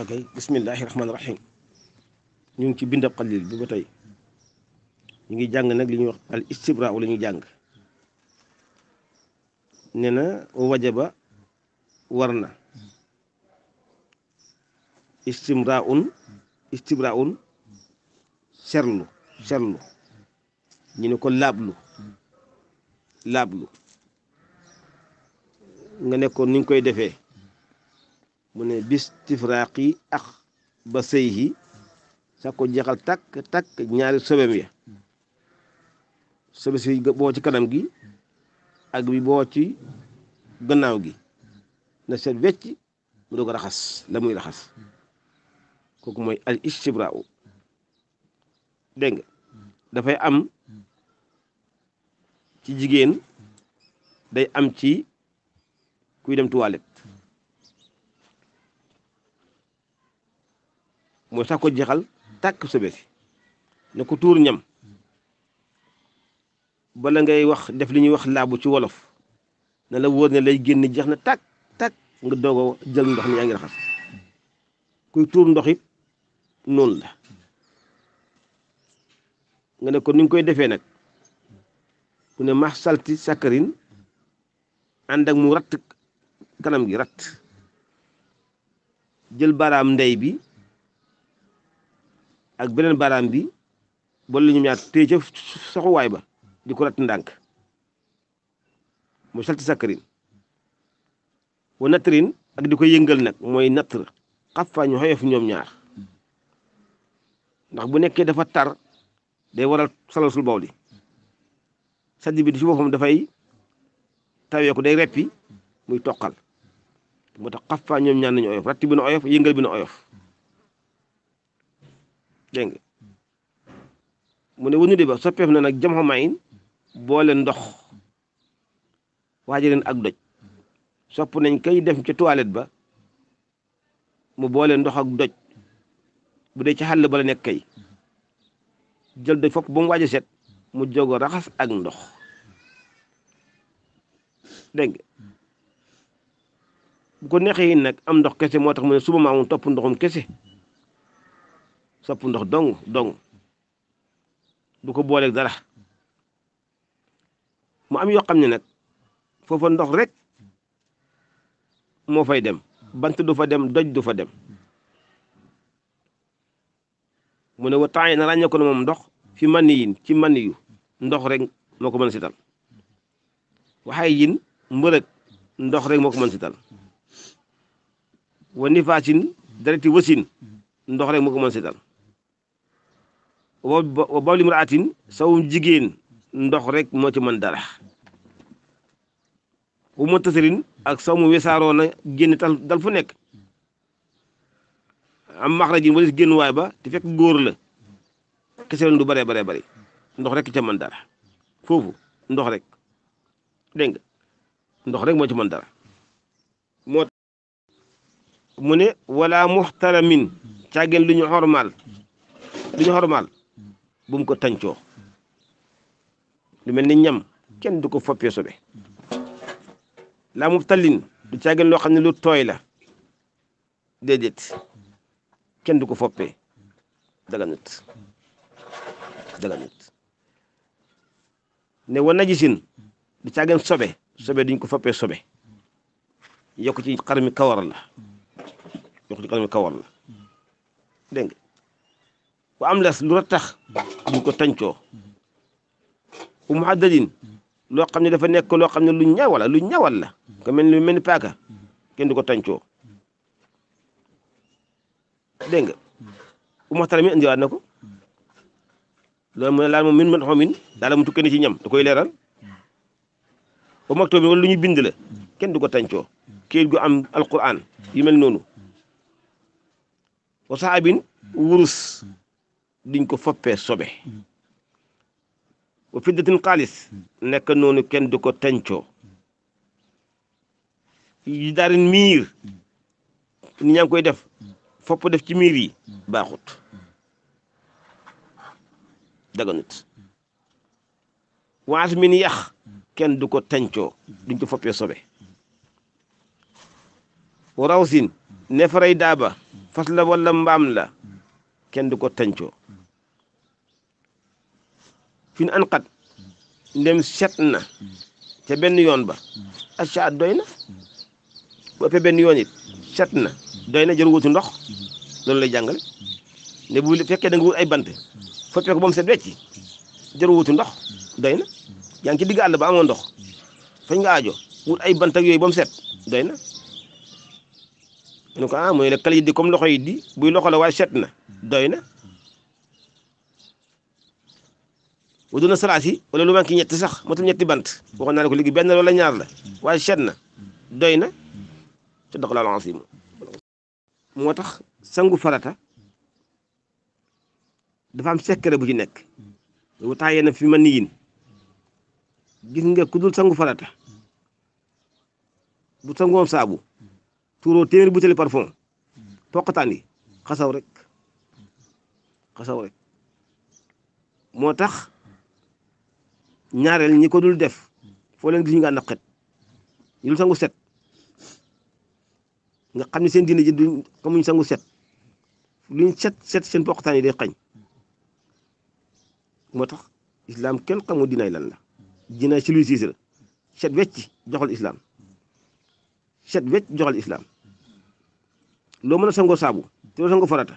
ok bismillahi rahmaani rahim ñu ngi ci bindab xalil bi ba tey ñu ngi jàng nag li ñuy wax al istibra la ñuy jàng nee na wajaba war na istimra un istibra un serlu serlu ñu ne ko laablu laablu nga nekkoon ni koy defee mu ne bis yi ak ba sëy yi sa ko jeexal takk takk ñaari sobem ya sobe si boo ci kanam gi ak bi boo ci gannaaw gi na seet wecc mu doog raxas la muy raxas kooku mooy al istibra u dégg nga dafay am ci jigéen day am ci kuy dem toilette mooy sax ko jeexal tàkk sobe si ne ko tuur ñam bala ngay wax def li ñuy wax laabu ci wolof na la wóor ne lay génn jeex na tàkk tàkk nga doog a jël ndox mi yaa ngi raxas kuy tuur ndox it noonu la nga ne ko ni nga koy defee nag mu ne max salti sakarin ànd ak mu ratt kanam gi ratt jël baaraam ndey bi ak beneen baaraam bi boole ñu ñaar téye ca saxuwaay ba di ko rat ndànk mooy salti sakkarin wa natrin ak di ko yëngal nag mooy natr xafa ñu xoyof ñoom ñaar ndax bu nekkee dafa tar day waral salasul baw li sàjj bi di ci boppam dafay tawee ko day reppi muy toqal moo tax xafa ñoom ñaar nañu oyof ratti bi na oyof yëngal bi na oyof dégg nga mu ne wunu di ba soppeef na nag jam xamayin boole ndox waaji leen ak doj sopp nañ kay def ca toilette ba mu boole ndox ak doj bu dee ca xal ba la nekk kay jël doj fopp ba mu set mu jogo raxas ak ndox dégg bu ko neexee nag am ndox kese moo tax mu ne suba maamu topp ndoxum kese sopp ndox dong dong du ko booleeg dara mu am yoo xam ne nag foofa ndox rek moo fay dem bant du fa dem doj du fa dem mu ne wa temps yi na ràññee ko ne moom ndox fi man yin ci man yu ndox rek moo ko mën si waxay ndox rek moo ko mën wa nifaasin wasin ndox rek moo ko mën wa bawli muraatin sawum jigen ndox rek mo ci man dara wu mutasirin ak saw mu wesaaroo na genn tal dal fu nek am maxrajin wala genn way ba te gurle. gor la kese du bare bare bare ndox rek ci man dara fofu ndox rek deng nga ndox rek mo ci man dara mot mune wala muhtaramin càggeen lu ñu xormaal lu bu mu ko tàncoo lu mel ni ñam kenn du ko foppee sobe laa mu tallin du caagin loo xam ne lu tooy la déedéet kenn du ko foppee daganut daganut ne wa najisin du caagin sobe sobe duñ ko foppee sobe yokk ci xar mi yokk ci xar mi kawar la dégg nga wa am las lu tax buñ ko tàncoo u muhaddadin loo xam ne dafa nekk loo xam ne lu ñawal la lu ñawal la nga mel lu mel ni paaka kenn du ko tàncoo dégg nga u maxtara mi indiwaat na ko loolu mu ne laal moom min man xoomin daala mu tukkee ci ñam da koy leeral u maktoo lu ñu bind la kenn du ko tàncoo kayit gu am alquran yu mel noonu wa saxaabin wurus duñ ko foppee sobe bu fiddatin xaalis nekk noonu kenn du ko tencoo yi miir nit ñaa ngi koy def fopp def ci miir yi baaxut daganut waas min yax kenn du ko tencoo duñ ko foppee sobe rawsin neefarey daaba fas la wala mbaam la kenn du ko tencoo fi ñu anqat ndem set na ca benn yoon ba acca doy na bu ëppee benn yoon it set na doy na jëru wutu ndox loolu lay jàngale nde bu fekkee da nga ay bant foppee ko ba mu set wecci jëru wutu ndox doy na yaa ngi ci digg àll ba amoon ndox fañ nga aajo wut ay bant ak yooyu ba mu set doy na ñu ko ah mooy la kal yi di comme loxo yi di buy loxo la waaye set na doy na wa na salaasi wala lu man ki ñetti sax matul ñetti bant waxoon naa ne ko léegi benn wala ñaar la waaye seet na doy na te dox laa lancé moo tax sangu farata dafa am sekkere bu ci nekk bu taayee na fi ma ni yin gis nga ku sangu falata bu sangoom saabu tuuroo téeméer butéeli parfum poqataan yi rek moo tax ñaareel ñi ko dul def foo leen gis ñu nga ànd ñu dul sangu set nga xam ni seen diine ji duñ xamuñ sangu set luñ set set seen poqtaan yi day xañ moo tax islaam kenn xamul dinaay lan la dinaay ci luy siis la set wecc joxal islam set wecc joxal islam loo mën a sangoo saabu te loo sangoo farata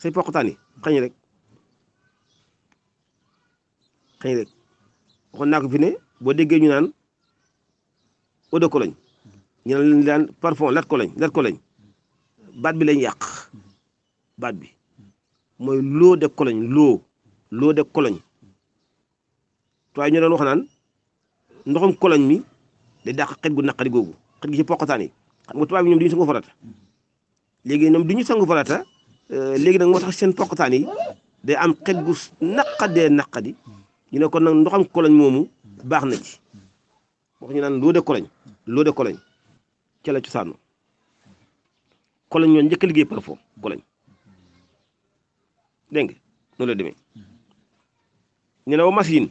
say poqtaan yi xañ rek xañ rek waxoon naa ko fi ne boo déggee ñu naan eau de Cologne ñu ne leen daan parfum lat Cologne lat Cologne baat bi lañ yàq baat bi mooy l'eau de Cologne l'eau l'eau de Cologne tuwaay ñu doon wax naan ndoxum Cologne mi day dàq xet gu naqari googu xet gi ci poqataan yi xam nga tubaab ñoom du ñu sangu farata léegi ñoom du ñu sangu farata euh, léegi nag moo tax seen poqataan yi day am xet gu naqadee naqadi ñu ne kon ndoxam koloñ moomu baax na ci wax ñu naan loo de koloñ loo de koloñ ca la cosaanu koloñ ñoo njëkk a liggéey parfum koloñ dégg nga noonu la demee ñu ne wa machine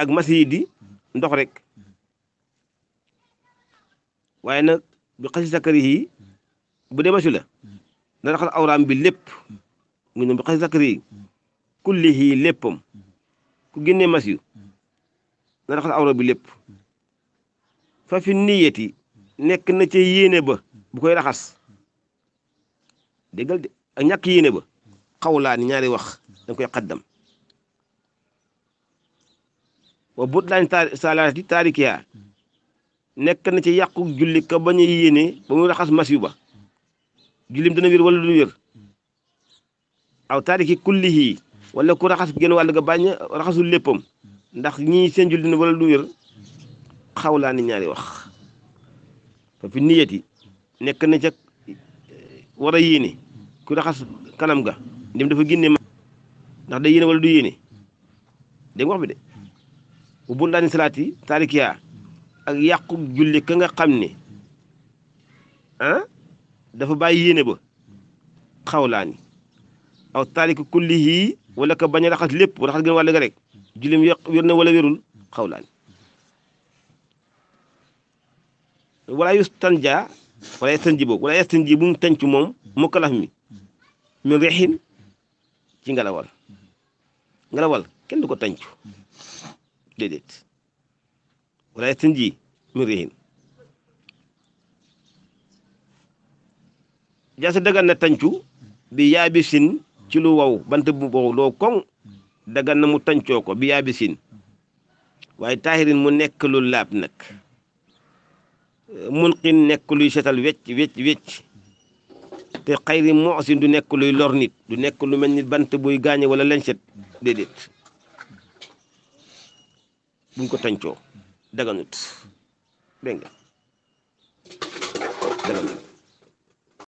ak machine yi di ndox rek waaye nag bi xasi sakari yi bu dee machu la na raxas awraam bi lépp mu ne bi xasi sakari yi kullihi léppam ku génnee masiw na raxas awra bi lépp fa fi niyati nekk na ci yéene ba bu koy raxas déggal de ak ñàkk yéene ba xawlaa ni ñaari wax dañ koy xaddam wa but laañ salaati taarikiya nekk na ci yàqu julli ka bañ a ba muy raxas masiw ba jullim dana wér wala du wér aw taariki kullihi wala ku raxas gën wàll nga bañ raxasul léppam ndax ñii seen julli wala du wér xawlaa ni ñaari wax fa fi niyat yi nekk na ca eh, war a yéene ku raxas kanam ga dem dafa génne ma ndax day yéene wala du yéene dégg wax bi de bu bundaani salaat yi tarikiya ak yàqu julli ka nga xam ne ah dafa bàyyi yéene ba xawlaani aw tarik kullihi wala ka bañ a raxas lépp raxas gën wàll ga rek jullim wér na wala wérul xawlaan wala yustanja wala yastanji boog wala yastanji bu mu tànc moom mukkalaf mi min reexin ci ngelawal ngelawal kenn du ko tàncu déedéet wala yastanji min reexin jaasa dagan na tàncu bi yaabisin ci lu waw bant bu wow loo koŋ dagan na mu tancoo ko bi yaabisin waaye taahirin mu nekk lu laab nag munqin nekk luy setal wecc wecc wecc te xayri moosin du nekk luy lor nit du nekk lu mel ni bant buy gaañe wala lencet déedéet buñ ko tancoo daganut